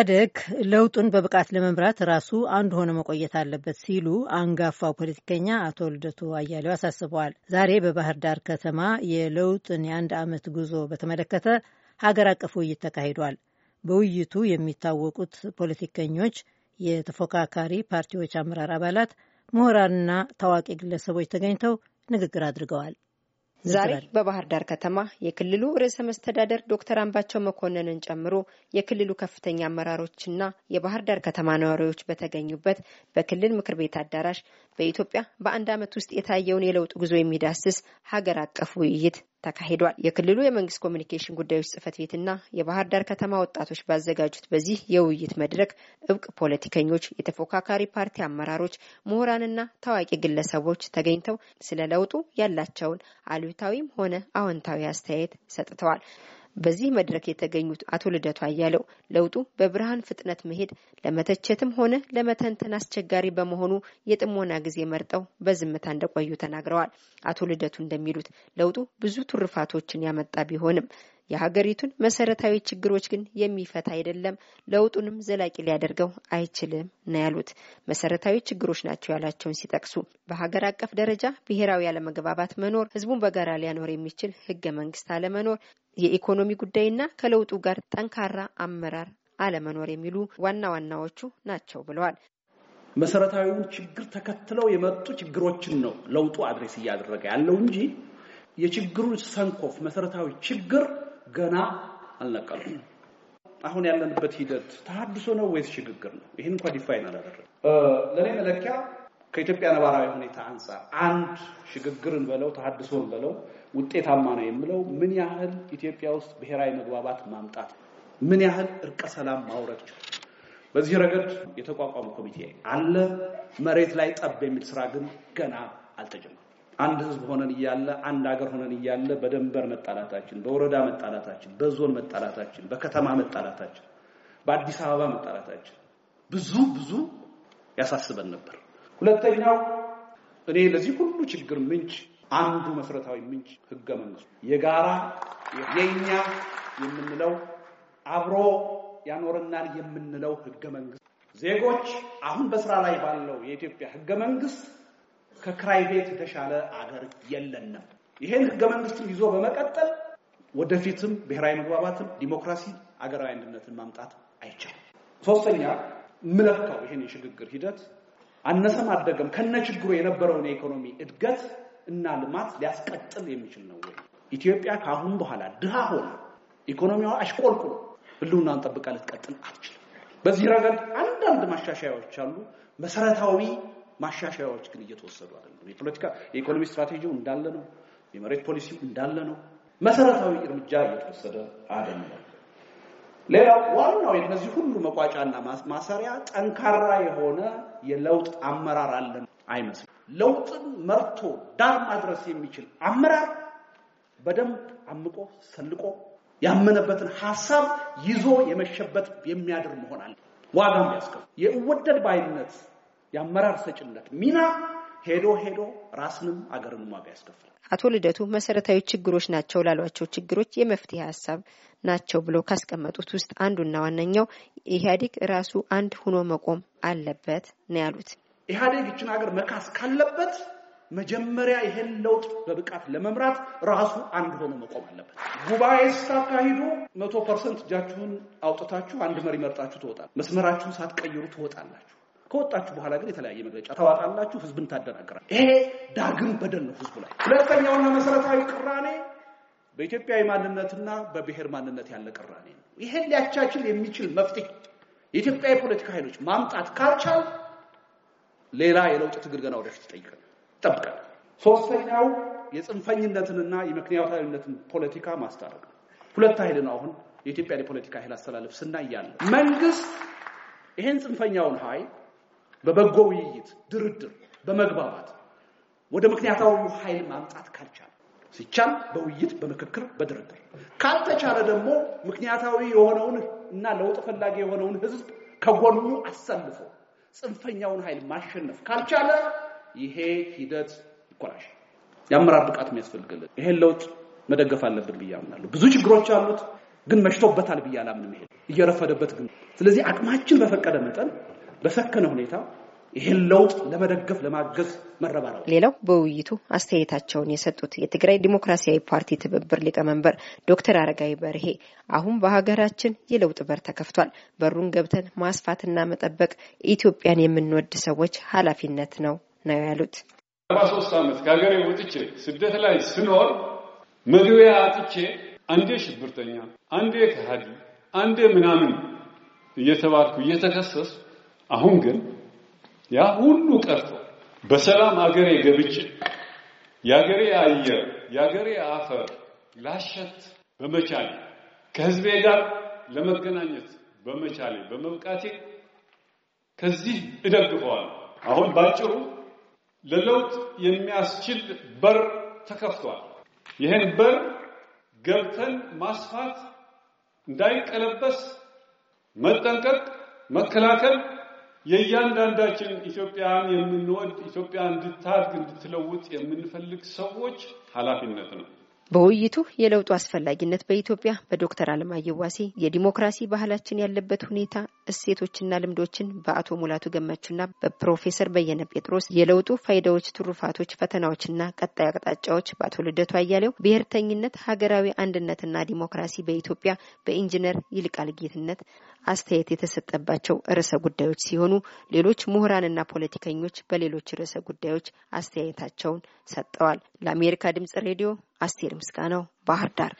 ኢህአደግ ለውጡን በብቃት ለመምራት ራሱ አንድ ሆነ መቆየት አለበት ሲሉ አንጋፋው ፖለቲከኛ አቶ ልደቱ አያሌው አሳስበዋል። ዛሬ በባህር ዳር ከተማ የለውጥን የአንድ ዓመት ጉዞ በተመለከተ ሀገር አቀፍ ውይይት ተካሂዷል። በውይይቱ የሚታወቁት ፖለቲከኞች፣ የተፎካካሪ ፓርቲዎች አመራር አባላት፣ ምሁራንና ታዋቂ ግለሰቦች ተገኝተው ንግግር አድርገዋል። ዛሬ በባህር ዳር ከተማ የክልሉ ርዕሰ መስተዳደር ዶክተር አምባቸው መኮንንን ጨምሮ የክልሉ ከፍተኛ አመራሮችና የባህር ዳር ከተማ ነዋሪዎች በተገኙበት በክልል ምክር ቤት አዳራሽ በኢትዮጵያ በአንድ ዓመት ውስጥ የታየውን የለውጥ ጉዞ የሚዳስስ ሀገር አቀፍ ውይይት ተካሂዷል። የክልሉ የመንግስት ኮሚኒኬሽን ጉዳዮች ጽህፈት ቤትና የባህር ዳር ከተማ ወጣቶች ባዘጋጁት በዚህ የውይይት መድረክ እብቅ ፖለቲከኞች፣ የተፎካካሪ ፓርቲ አመራሮች፣ ምሁራንና ታዋቂ ግለሰቦች ተገኝተው ስለ ለውጡ ያላቸውን አሉታዊም ሆነ አዎንታዊ አስተያየት ሰጥተዋል። በዚህ መድረክ የተገኙት አቶ ልደቱ አያለው ለውጡ በብርሃን ፍጥነት መሄድ ለመተቸትም ሆነ ለመተንተን አስቸጋሪ በመሆኑ የጥሞና ጊዜ መርጠው በዝምታ እንደቆዩ ተናግረዋል። አቶ ልደቱ እንደሚሉት ለውጡ ብዙ ትሩፋቶችን ያመጣ ቢሆንም የሀገሪቱን መሰረታዊ ችግሮች ግን የሚፈታ አይደለም፣ ለውጡንም ዘላቂ ሊያደርገው አይችልም ነው ያሉት። መሰረታዊ ችግሮች ናቸው ያላቸውን ሲጠቅሱ በሀገር አቀፍ ደረጃ ብሔራዊ አለመግባባት መኖር፣ ህዝቡን በጋራ ሊያኖር የሚችል ህገ መንግስት አለመኖር፣ የኢኮኖሚ ጉዳይና ከለውጡ ጋር ጠንካራ አመራር አለመኖር የሚሉ ዋና ዋናዎቹ ናቸው ብለዋል። መሰረታዊውን ችግር ተከትለው የመጡ ችግሮችን ነው ለውጡ አድሬስ እያደረገ ያለው እንጂ የችግሩ ሰንኮፍ መሰረታዊ ችግር ገና አልነቃልኩም። አሁን ያለንበት ሂደት ተሀድሶ ነው ወይስ ሽግግር ነው? ይህን እንኳ ዲፋይን አላደረግም። ለእኔ መለኪያ ከኢትዮጵያ ነባራዊ ሁኔታ አንጻር አንድ ሽግግርን በለው ተሀድሶን በለው ውጤታማ ነው የምለው ምን ያህል ኢትዮጵያ ውስጥ ብሔራዊ መግባባት ማምጣት፣ ምን ያህል እርቀ ሰላም ማውረድ ችላል። በዚህ ረገድ የተቋቋመ ኮሚቴ አለ። መሬት ላይ ጠብ የሚል ስራ ግን ገና አልተጀመረም። አንድ ህዝብ ሆነን እያለ አንድ ሀገር ሆነን እያለ በደንበር መጣላታችን፣ በወረዳ መጣላታችን፣ በዞን መጣላታችን፣ በከተማ መጣላታችን፣ በአዲስ አበባ መጣላታችን ብዙ ብዙ ያሳስበን ነበር። ሁለተኛው እኔ ለዚህ ሁሉ ችግር ምንጭ አንዱ መሰረታዊ ምንጭ ህገ መንግስቱ የጋራ የኛ የምንለው አብሮ ያኖረናል የምንለው ህገ መንግስት ዜጎች አሁን በስራ ላይ ባለው የኢትዮጵያ ህገ መንግስት ከክራይ ቤት የተሻለ አገር የለንም። ይሄን ህገ መንግስቱን ይዞ በመቀጠል ወደፊትም ብሔራዊ መግባባትን፣ ዲሞክራሲ፣ አገራዊ አንድነትን ማምጣት አይቻልም። ሶስተኛ ምለካው ይህን የሽግግር ሂደት አነሰም አደገም ከነ ችግሩ የነበረውን የኢኮኖሚ እድገት እና ልማት ሊያስቀጥል የሚችል ነው ወይ? ኢትዮጵያ ከአሁን በኋላ ድሃ ሆነ ኢኮኖሚዋ አሽቆልቁሎ ህልውናን ጠብቃ ልትቀጥል አትችልም። በዚህ ረገድ አንዳንድ ማሻሻያዎች አሉ። መሰረታዊ ማሻሻያዎች ግን እየተወሰዱ አይደለም። የፖለቲካ የኢኮኖሚ ስትራቴጂው እንዳለ ነው። የመሬት ፖሊሲው እንዳለ ነው። መሰረታዊ እርምጃ እየተወሰደ አይደለም። ሌላው ዋናው የነዚህ ሁሉ መቋጫና ማሰሪያ ጠንካራ የሆነ የለውጥ አመራር አለን አይመስልም። ለውጥን መርቶ ዳር ማድረስ የሚችል አመራር በደንብ አምቆ ሰልቆ ያመነበትን ሀሳብ ይዞ የመሸበት የሚያድር መሆን አለ። ዋጋም ያስከፍል የእወደድ ባይነት የአመራር ሰጭነት ሚና ሄዶ ሄዶ ራስንም አገርንም ዋጋ ያስከፍላል። አቶ ልደቱ መሰረታዊ ችግሮች ናቸው ላሏቸው ችግሮች የመፍትሄ ሀሳብ ናቸው ብለው ካስቀመጡት ውስጥ አንዱና ዋነኛው ኢህአዴግ ራሱ አንድ ሆኖ መቆም አለበት ነው ያሉት። ኢህአዴግ ይችን ሀገር መካስ ካለበት መጀመሪያ ይሄን ለውጥ በብቃት ለመምራት ራሱ አንድ ሆኖ መቆም አለበት። ጉባኤ ስታካሂዱ መቶ ፐርሰንት እጃችሁን አውጥታችሁ አንድ መሪ መርጣችሁ ትወጣል። መስመራችሁን ሳትቀይሩ ትወጣላችሁ። ከወጣችሁ በኋላ ግን የተለያየ መግለጫ ተዋጣላችሁ፣ ህዝብን ታደናገራል። ይሄ ዳግም በደል ነው ህዝቡ ላይ። ሁለተኛውና መሰረታዊ ቅራኔ በኢትዮጵያዊ ማንነትና በብሔር ማንነት ያለ ቅራኔ ነው። ይሄን ሊያቻችል የሚችል መፍትሄ የኢትዮጵያ የፖለቲካ ኃይሎች ማምጣት ካልቻል ሌላ የለውጥ ትግል ገና ወደፊት ይጠይቃል ይጠብቃል። ሶስተኛው የጽንፈኝነትንና የምክንያታዊነትን ፖለቲካ ማስታረቅ ነው። ሁለት ኃይል ነው አሁን የኢትዮጵያ የፖለቲካ ኃይል አስተላለፍ ስናይ ያለ መንግስት ይህን ጽንፈኛውን ኃይል በበጎ ውይይት፣ ድርድር፣ በመግባባት ወደ ምክንያታዊ ኃይል ማምጣት ካልቻለ ሲቻል በውይይት በምክክር በድርድር ካልተቻለ ደግሞ ምክንያታዊ የሆነውን እና ለውጥ ፈላጊ የሆነውን ህዝብ ከጎኑ አሰልፎ ጽንፈኛውን ኃይል ማሸነፍ ካልቻለ ይሄ ሂደት ይኮላሽ። የአመራር ብቃት የሚያስፈልግልን ይሄን ለውጥ መደገፍ አለብን ብዬ አምናለሁ። ብዙ ችግሮች አሉት፣ ግን መሽቶበታል ብዬ አላምንም። ይሄ እየረፈደበት ግን ስለዚህ አቅማችን በፈቀደ መጠን በሰከነ ሁኔታ ይህን ለውጥ ለመደገፍ ለማገዝ መረባረብ። ሌላው በውይይቱ አስተያየታቸውን የሰጡት የትግራይ ዲሞክራሲያዊ ፓርቲ ትብብር ሊቀመንበር ዶክተር አረጋዊ በርሄ አሁን በሀገራችን የለውጥ በር ተከፍቷል፣ በሩን ገብተን ማስፋትና መጠበቅ ኢትዮጵያን የምንወድ ሰዎች ኃላፊነት ነው ነው ያሉት። አርባ ሶስት ዓመት ከሀገሬ ወጥቼ ስደት ላይ ስኖር መግቢያ አጥቼ አንዴ ሽብርተኛ፣ አንዴ ከሃዲ፣ አንዴ ምናምን እየተባልኩ እየተከሰሱ አሁን ግን ያ ሁሉ ቀርቶ በሰላም አገሬ ገብቼ የአገሬ አየር የአገሬ አፈር ላሸት በመቻሌ ከህዝቤ ጋር ለመገናኘት በመቻሌ በመብቃቴ ከዚህ እደግፈዋል። አሁን ባጭሩ ለለውጥ የሚያስችል በር ተከፍቷል። ይህን በር ገብተን ማስፋት እንዳይቀለበስ መጠንቀቅ፣ መከላከል የእያንዳንዳችን ኢትዮጵያን የምንወድ ኢትዮጵያ እንድታድግ እንድትለውጥ የምንፈልግ ሰዎች ኃላፊነት ነው። በውይይቱ የለውጡ አስፈላጊነት በኢትዮጵያ በዶክተር አለማየሁ ዋሴ የዲሞክራሲ ባህላችን ያለበት ሁኔታ እሴቶችና ልምዶችን በአቶ ሙላቱ ገመቹና በፕሮፌሰር በየነ ጴጥሮስ የለውጡ ፋይዳዎች፣ ትሩፋቶች፣ ፈተናዎችና ቀጣይ አቅጣጫዎች በአቶ ልደቱ አያሌው ብሔርተኝነት፣ ሀገራዊ አንድነትና ዲሞክራሲ በኢትዮጵያ በኢንጂነር ይልቃል ጌትነት አስተያየት የተሰጠባቸው ርዕሰ ጉዳዮች ሲሆኑ ሌሎች ምሁራንና ፖለቲከኞች በሌሎች ርዕሰ ጉዳዮች አስተያየታቸውን ሰጠዋል። ለአሜሪካ ድምጽ ሬዲዮ አስቴር ምስጋናው ባህር ዳር